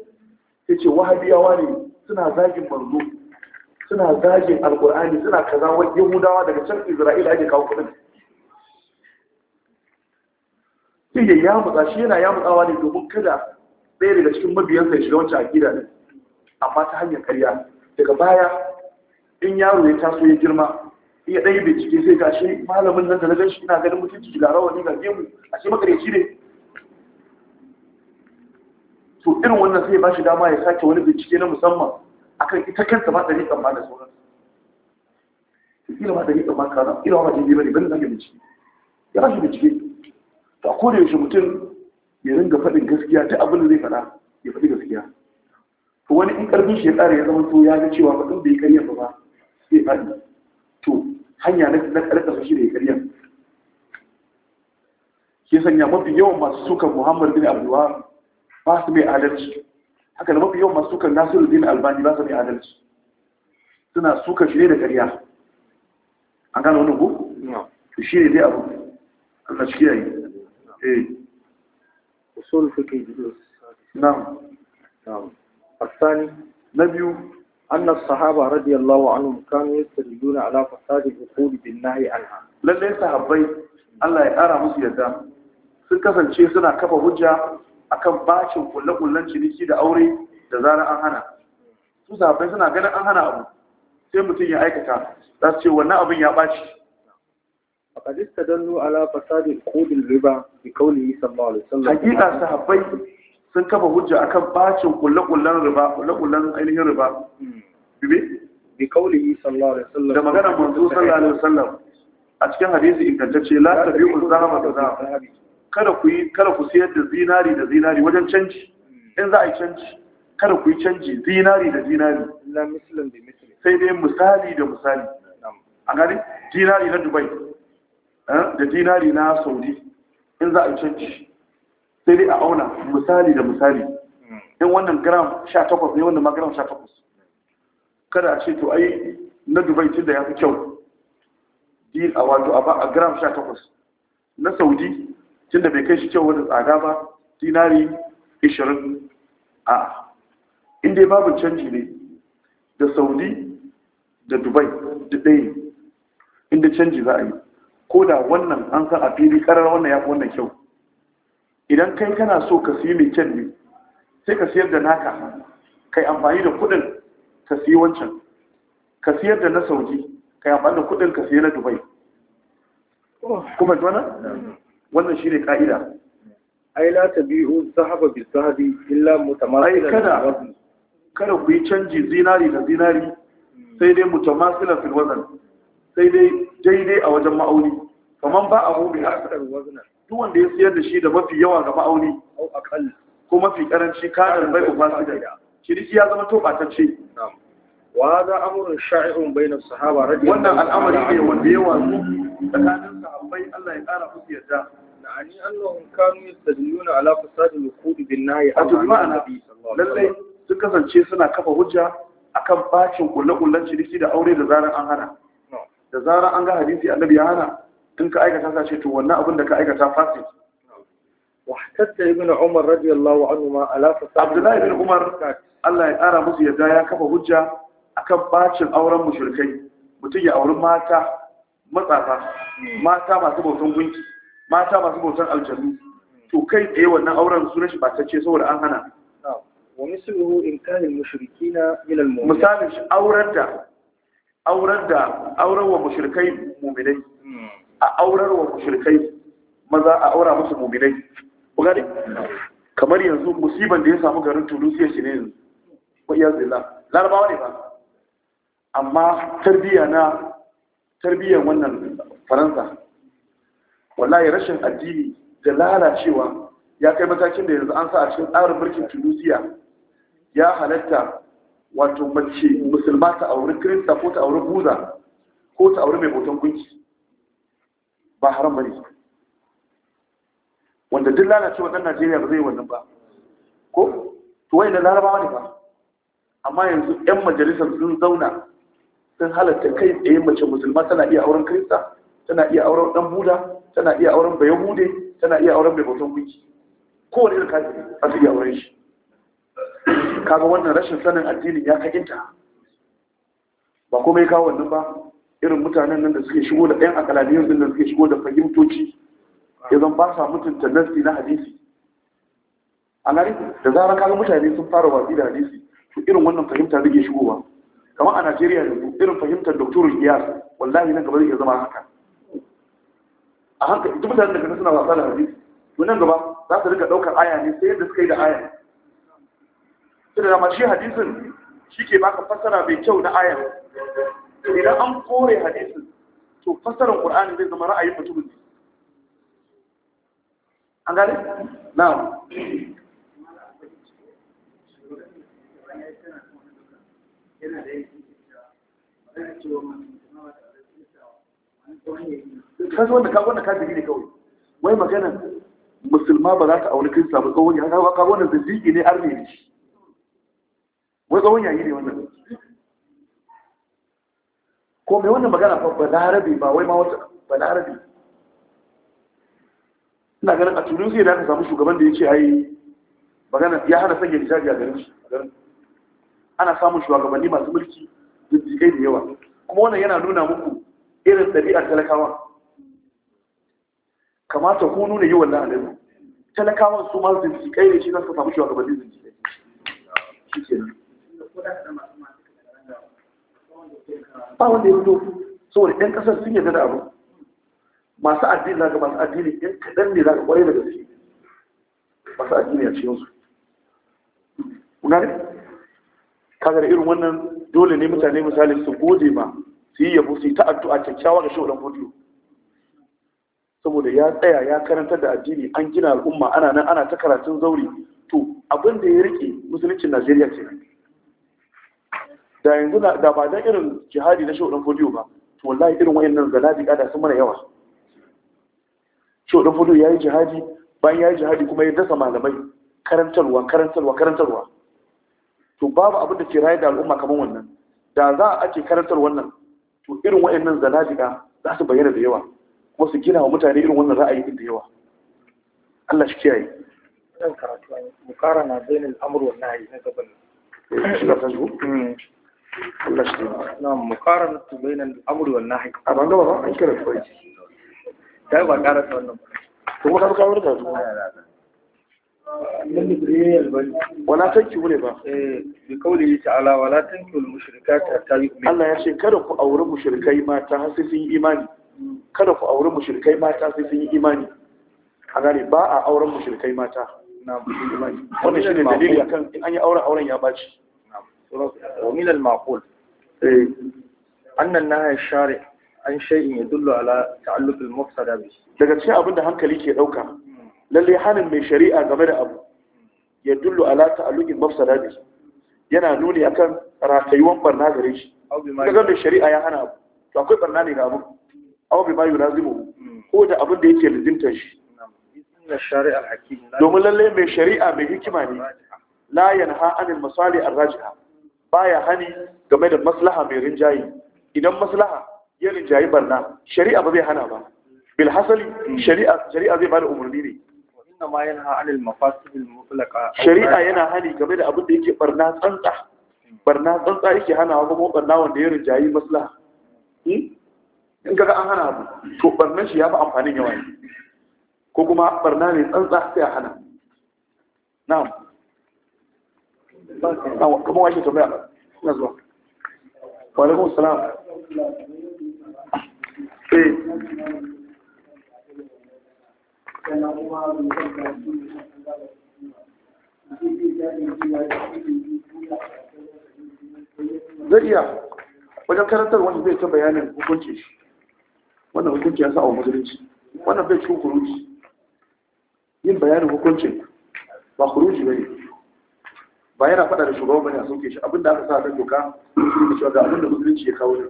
ya ce wahabiyawa ne suna zagin manzo suna zagin alqur'ani suna kaza wa yahudawa daga can isra'ila ake kawo kuɗin sai ya yamutsa shi yana yamutsawa ne domin kada ɗaya daga cikin mabiyansa ya shiga wancan aƙida ne amma ta hanyar karya daga baya in yaro ya taso ya girma iya ɗaya bincike sai ga shi malamin nan da na ganshi ina ganin mutunci ga ne, ga gemu a ce makareci ne to irin wannan sai ba shi dama ya sake wani bincike na musamman akan ita kanta ma ɗari kan ma da sauran ila ma ɗari kan ma kaza ila ma jini bane bane zage bincike ya ba shi bincike to a kodayaushe mutum ya ringa faɗin gaskiya ta abin da zai faɗa ya faɗi gaskiya to wani in karfin shi ya tsara ya zama to ya ga cewa mutum bai karya ba ba sai faɗi to hanya na karkasa shi da ya karya ke sanya mafi yawan masu sukan muhammad bin abdullahi ba su mai adalci haka da mafi yawan masu sukan nasiru bin albani ba su mai adalci suna sukan shi ne da karya an gano wani ku? to shi ne dai abu allah shi yayi eh usul fiqh na'am na'am الثاني نبي أن الصحابة رضي الله عنهم كانوا يستدلون على فساد العقول بالنهي عنها لله صحابي الله يقرا musu yadda sun kasance suna kafa hujja akan bacin kullakullan ciniki da aure da zarar an hana su sahabbai suna ganin an hana abu sai mutum ya aikata za su ce wannan abin ya baci faqad istadallu ala fasadi qudil riba bi qawlihi sallallahu sahabbai sun kafa hujja akan bacin kullakullan riba kullakullan ainihin riba bibi bi qawlihi sallallahu alaihi wasallam da magana manzo sallallahu alaihi wasallam a cikin hadisi ingantacce la tabi'u zahaba da zahaba kada ku yi kada ku sayar da zinari da zinari wajen canji in za a yi canji kada ku yi canji zinari da zinari la mislan bi misli sai dai misali da misali a gani dinari na dubai eh, da dinari na saudi in za a yi canji sai dai a auna misali da misali in wannan gram 18 ne wannan ma gram 18 kada a ce to ai na dubai tun da ya fi kyau deal a wato a gram 18 na saudi tun da bai kai shi kyau wani tsada ba dinari 20 a inda babu canji ne da saudi da dubai da ɗaya inda canji za a yi ko da wannan an san a fili karar wannan ya fi wannan kyau idan kai kana so ka siyi mai kyan ne sai ka siyar da naka kai amfani da kudin ka siya wancan ka siyar da na saudi kai amfani da kudin ka siya na dubai kuma jona wannan shi ne ka'ida ai la biyu, sahaba bi sahabi illa mutamasilan ai kada kada ku yi canji zinari da zinari sai dai mutamasilan fil wazan sai dai daidai a wajen ma'auni kamar ba abu bi asdar waznan duk wanda ya siyar da shi da mafi yawa ga ma'auni ko mafi karanci kanar bai ku fasida ciniki ya zama tobatacce wa amurin amrun bai na sahaba radiyallahu wannan al'amari ne wanda ya wasu tsakanin sahabbai Allah ya kara musu yarda yani annahum kanu ya yastadilluna ala fasadi al-wuqud bin nahy an nabi sallallahu alaihi sun kasance suna kafa hujja akan bacin kullu kullan ciniki da aure da zarar an hana da zarar an ga hadisi annabi ya hana in ka aikata ta ce to wannan abin da ka aikata fasit واحتج ابن عمر رضي الله عنهما على فساد عبد Abdullahi بن Umar. Allah ya ƙara musu yadda ya kafa hujja akan bacin auren mushrikai mutum ya auri mata matsafa mata masu bautan gunki mata masu bautan aljannu to kai tsaye wannan auren sunan shi batacce saboda an hana wa misluhu inkari mushrikina min almu'minin misalin auren da auren da auren wa mushrikai mu'minai hmm. a aurar wa mushrikai maza a aura musu mu'minai ku gane kamar yanzu musiban da ya samu garin Tunisia shi ne yanzu wa iya larabawa ne ba amma tarbiyya na tarbiyyar wannan Faransa wallahi rashin addini da lalacewa ya kai matakin da yanzu an sa a cikin tsarin mulkin tunusiya ya halatta wato mace musulma ta auri kirista ko ta auri buza ko ta auri mai hoton gunki ba haram bane wanda duk lalacewa dan Najeriya ba zai yi wannan ba ko to wai da larabawa ne ba amma yanzu yan majalisar sun zauna sun halatta kai tsaye mace musulma tana iya auren krista tana iya auren dan buda tana iya auren bayahude tana iya auren mai bautan gunki wani irin kafiri a su iya auren shi kaga wannan rashin sanin addinin ya kakinta ba komai kawo wannan ba irin mutanen nan da suke shigo da ɗayan akalaniyar din da suke shigo da fahimtoci ya zan ba sa mutunta nasi na hadisi a nari da zarar kaga mutane sun fara watsi da hadisi to irin wannan fahimta da ke shigo ba. kamar a najeriya yanzu irin fahimtar Doktor iyas wallahi nan gaba zai iya zama haka a haka duk mutanen da kaga suna wasa da hadisi to nan gaba za su rika ɗaukar aya ne sai yadda suka yi da aya sai da dama shi hadisin shi ke baka fassara mai kyau na aya idan an kore hadisin to fasarar ƙur'ani zai zama ra'ayin mutumin an gane Na. yana da yankin ka zo da ka wannan ne kawai wai magana musulma ba za ta auri kirista ba tsawon yayi haka wannan zindigi ne arne ne wai tsawon yayi ne wannan ko mai wannan magana na balarabe ba wai ma wata balarabe ina ganin a sai da aka samu shugaban da ya ce ai magana ya hana sanya hijabi a garin ana samun shugabanni masu mulki jikai da yawa kuma wannan yana nuna muku irin ɗabi'ar talakawa kamata ku nuna yi wannan alamu talakawan su masu jikai ne shi za su samu shugabanni diddigai shi ba wanda ya fito saboda yan ƙasar sun yarda da abu masu addini za ka masu addini yan kaɗan ne zaka kwarai da gaske masu addini a cikin su kuna ne kaga da irin wannan dole ne mutane misali su gode ma su yi yabo su yi ta addu'a kyakkyawa ga shaudan hudu saboda ya tsaya ya karantar da addini an gina al'umma ana nan ana ta karatun zauri to abin da ya rike musuluncin najeriya kenan da yanzu da ba da irin jihadi na shaudan fodiyo ba to wallahi irin wayannan zanadika da sun mana yawa shaudan fodiyo yayi jihadi bayan yayi jihadi kuma ya dasa malamai karantarwa karantarwa karantarwa to babu abin da ke rayar da al'umma kamar wannan da za a ake karantar wannan to irin wayannan zanadika za su bayyana da yawa kuma su gina wa mutane irin wannan ra'ayi da yawa Allah shi kiyaye zan karatu mukarana bainal amr wa nahi na gaban eh, Allah an ka ba eh, Allah ya ce kada ku aure mushrikai mata har sun yi imani kada ku aure mushrikai mata sai sun imani a gane ba a auren mushrikai mata na akan in an yi auren auren ya baci ومن المعقول أن ya الشارع an shay'in yadullu ala ta'alluq al-mufsada bi daga cikin abin da hankali ke ɗauka, lalle hanin mai shari'a game da abu yadullu ala yana nuni akan ratayuwan barna gare shi daga mai shari'a ya hana abu to akwai barna ne ga abu aw bi ma yulazimu ko da abin da yake shi domin lalle mai shari'a mai hikima ne la yanha anil masali ar-rajiha baya hani game da maslaha mai rinjayi idan maslaha ya rinjayi barna shari'a ba zai hana ba bil hasali shari'a shari'a zai bada umarni ne inna ma yanha anil mafasid al mutlaqa shari'a yana hani game da abin da yake barna tsantsa barna tsantsa yake hanawa kuma barna wanda ya rinjayi maslaha hmm? in kaga an hana abu to barnan shi ya fi amfanin yawa ko kuma barna ne tsantsa sai a hana na'am kuma washe a na zuwa walaikun salam eh zai iya wajen karantar wani zai ta bayanin hukunci shi wannan hukunci ya sa a musulunci wannan bai cikin kuruci yin bayanin hukuncin ba kuruci ba ne ba yana faɗa da shugaban bane a sauke shi abinda aka sa ta doka shi cewa ga abinda musulunci ya kawo ne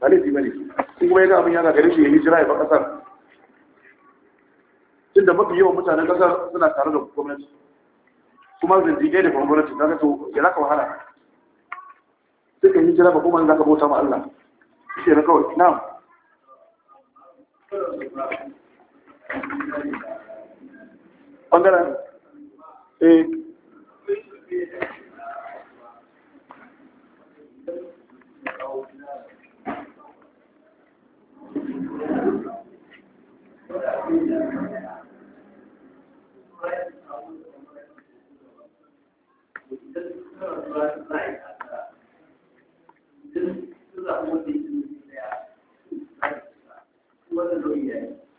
ba laifi bane in kuma yana abin yana gare shi ya jira ya ba kasar da mafi yawan mutanen kasar suna tare da gwamnati kuma zindigai da gwamnati kaga to ya zaka wahala suka jira ba kuma za ka bauta ma Allah shi ne kawai na'am ɓangaren eh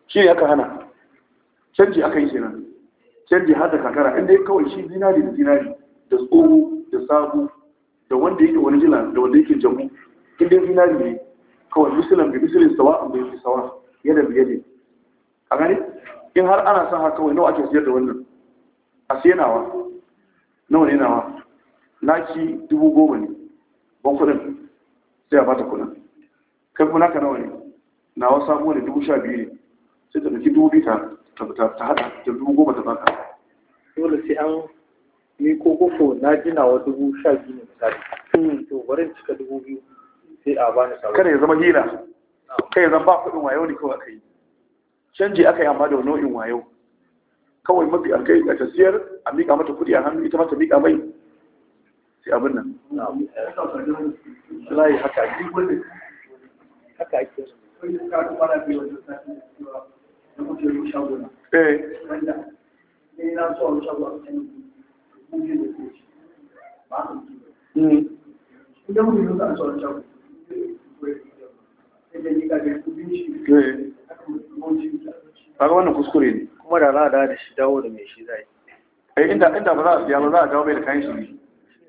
shi aka hana canji aka yi nan canji hada kakara inda kawai shi zinari da zinari da tsohu da sabu da wanda yake wani jila da wanda yake jamu inda zinari ne kawai musulun bi musulun sawa an bai sawa yadda biye ne a gani in har ana sa haka kawai nawa ake siyar da wannan a siya nawa nawa ne nawa naki dubu goma ne ban kudin sai a bata kudin kai kuma naka nawa ne nawa sabuwa ne dubu sha biyu ne sai ta ɗauki dubu biyu ta hada da dubu goma ta baka dole sai an ni ko koko na jinawa wa dubu sha biyu ne misali hmm. to barin cika dubu biyu sai a bani sabon kada ya zama hira. kai zan ba kuɗin wayo ne kawai aka yi canji aka yi amma da nau'in wayo kawai mafi alkai a tasiyar a miƙa mata kuɗi a hannu ita mata miƙa mai sai abin nan yi haka ake haka ake eh kaga wannan kuskure ne kuma da za a dawo da shi dawo da mai shi zai eh inda inda ba za a siya ba za a dawo mai da kayan shi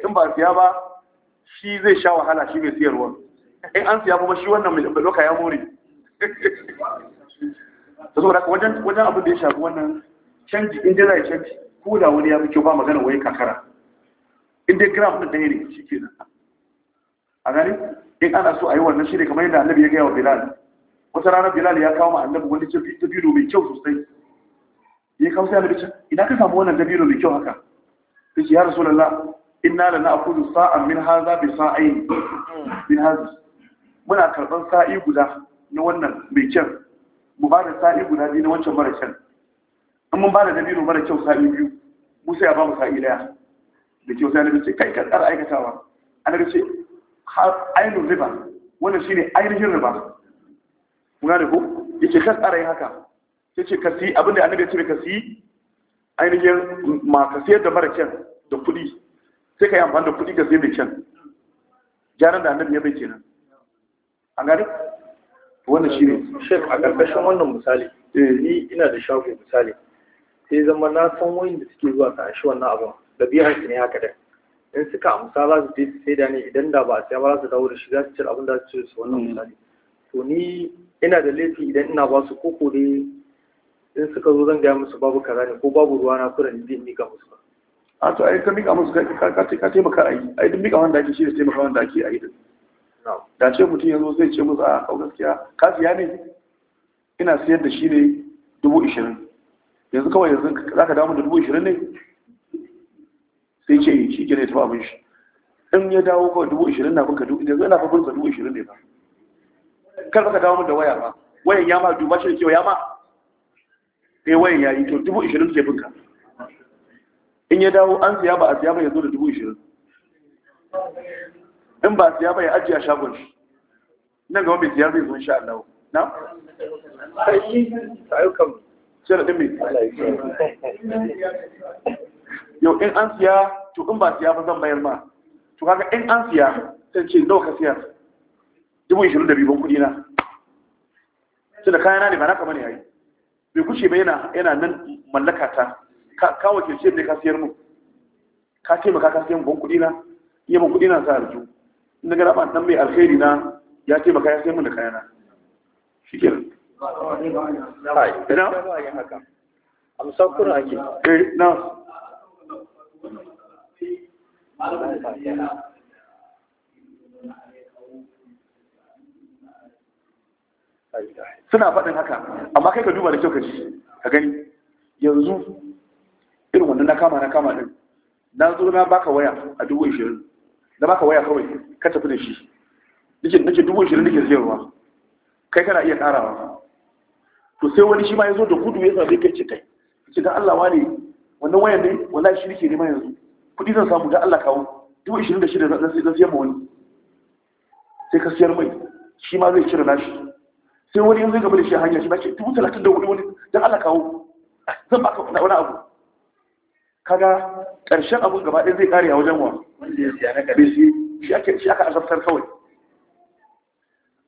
in ba siya ba shi zai sha wahala shi mai siyarwa in an siya kuma shi wannan mai loka ya more ta [laughs] saboda wajen abin da ya shafi wannan canji in dai za a canji ko da wani ya muke kyau ba magana wai kakara in dai graf ɗaya ne shi ke nan a gani in ana so a yi wannan shi ne kamar yadda annabi ya gaya wa bilal wata rana bilal ya kawo ma annabi wani dabino mai kyau sosai ya kawo sai annabi ina ka samu wannan dabino mai kyau haka sai ya rasulullah inna la na'khudhu sa'an min hadha bi sa'ayn min hadha muna karban sa'i guda na wannan mai kyan mu ba da sa'i guda biyu na wancan mara kyan An mun ba da dabino mara kyau sa'i biyu mu sai a ba mu sa'i daya da kyau sai annabi ce kai ka tsara aikatawa Ana ce ainihin riba wannan shine ainihin riba muna da ko ce kan tsara yin haka sai ce kasi abinda ana ya ce ka si ainihin ma ka sayar da mara kyan da kuɗi sai ka yi amfani da kuɗi ka sayar da kyan gyaran da annabi ya bai kenan an gane wannan ne shek a ƙarƙashin wannan misali eh. ni ina da shago misali sai zama na san wayin da suke zuwa ka shi wannan abin ɗabi'ar su ne haka da in suka amsa za su je su sai da ne idan da ba a saya ba za su dawo da shi za su cire abin da su su wannan misali to ni ina da laifi idan ina ba su koko ne in suka zo zan gaya musu babu kaza ne ko babu ruwa na kura ne zai mika musu ba a to ai ka mika musu ka taimaka a yi ai duk mika wanda ake shi da taimaka wanda ake a yi da ce mutum yanzu zai ce musu a gaskiya ka siya ne ina siyar da shi ne dubu ishirin yanzu kawai yanzu za ka damu da dubu ishirin ne sai ce shi gina ya tafi shi in ya dawo kawai dubu ishirin na binka duk yanzu ina fa dubu ishirin ne ba kar ka dawo da waya ba wayan ya ma duba shi da kewa ya ma sai eh, wayan ya yi to dubu ishirin ke binka in ya dawo an siya ba a siya ba yanzu da dubu ishirin in ba siya ba ya ajiya shagon shi nan gaba bai siya zai zo insha Allah na? yau in an siya to in ba siya ba zan mayar ma to kaga in an siya sai ce nawa ka siya dubu ishirin da biyu kuɗi na tunda kayana ne ba na naka bane yayi bai kuce ba yana yana nan mallaka ta ka ka wakilce ne ka siyar mu ka ce maka ka siyar mu ban kuɗi na iya ban kuɗi na sa arju in daga na ban dan mai alkhairi na ya ce maka ya siyar mu da kayana shikenan suna faɗin haka amma kai ka duba da kyau ka ka gani yanzu irin wannan na kama na kama din na zo na baka waya a dubu ishirin na baka waya kawai ka tafi da shi nake dubu ishirin nake ziyarwa. kai kana iya ƙarawa to sai wani shi ma ya zo da gudu ya zabe kai ce kai ce dan Allah wane wannan wayan ne wallahi shi ne nema yanzu kudi zan samu dan Allah kawo duk 26 zan siya ma wani sai ka siyar mai shi ma zai cire nashi sai wani yanzu gaba da shi hanya shi ba ce dubu talatin da wani wani dan Allah kawo zan baka wani abu kaga ƙarshen abun gaba ɗaya zai kare a wajen wa shi ake shi aka azabtar kawai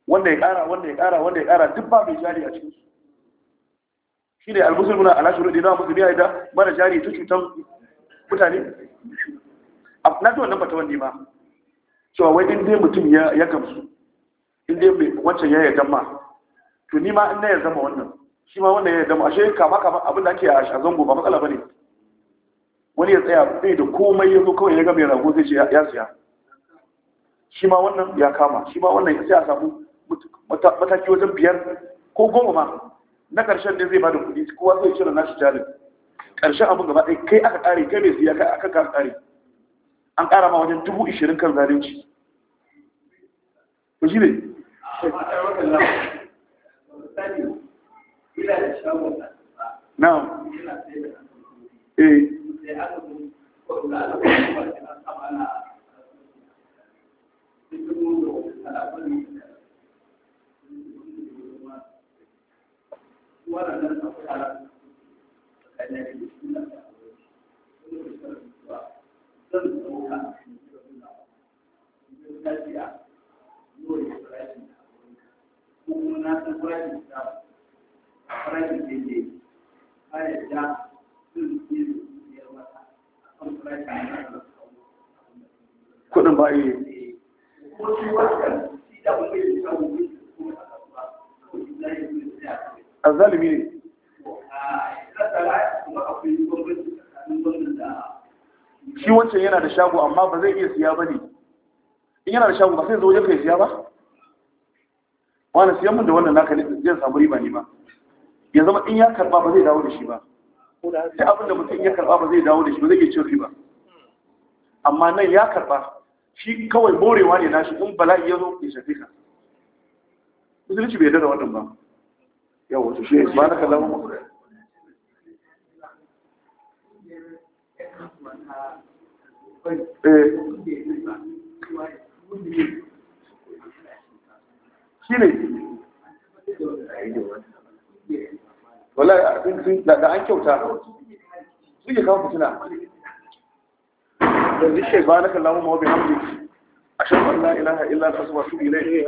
wanda ya ƙara wanda ya ƙara wanda ya ƙara duk ba mai jari a cikin su shi ne al-musulmuna ala shuru da musulmi ya da mara jari ta cutar mutane na ji wannan fata wanne ma cewa wai in dai mutum ya gamsu in dai wancan ya yarda ma to ni ma in na yarda ma wannan shi ma wannan ya yarda ma ashe kama kama abin da ake a zango ba matsala bane wani ya tsaya bai da komai ya zo kawai ya ga mai rago zai ce ya siya shi ma wannan ya kama shi ma wannan ya sai a samu mataki wajen biyar ko goma ma na ƙarshen da zai ba da kuɗi kowa zai cire nashi jarin ƙarshen abin gaba ɗaya kai aka ƙare kai mai siya kai aka ka ƙare an ƙara ma wajen dubu ishirin kan zalunci ku shi ne eh waɗannan akwai alaƙa zan ɗauka a cikin na wajen tafiya yau ya farashin da na san farashin iya a na ko shi wata shi da wani ya samu wani kuma a kasuwa ko yi azzalimi ne shi wancan yana da shago amma ba zai iya siya ba ne in yana da shago ba sai zo wajen kai siya ba wani siyan min da wannan naka zai samu riba ne ba ya zama in ya karba ba zai dawo da shi ba sai abin da mutum ya karba ba zai dawo da shi ba zai iya cin riba amma nan ya karba shi kawai morewa ne nashi in bala'i ya zo ya shafi ka musulunci bai yarda da wannan ba yau wato shi ba na kallon mu shi ne eh. wala da an kyauta suke kawo fitina da shi ba na kallon mu mawabi hamdi a shan wannan ilaha illa kasuwa su ilai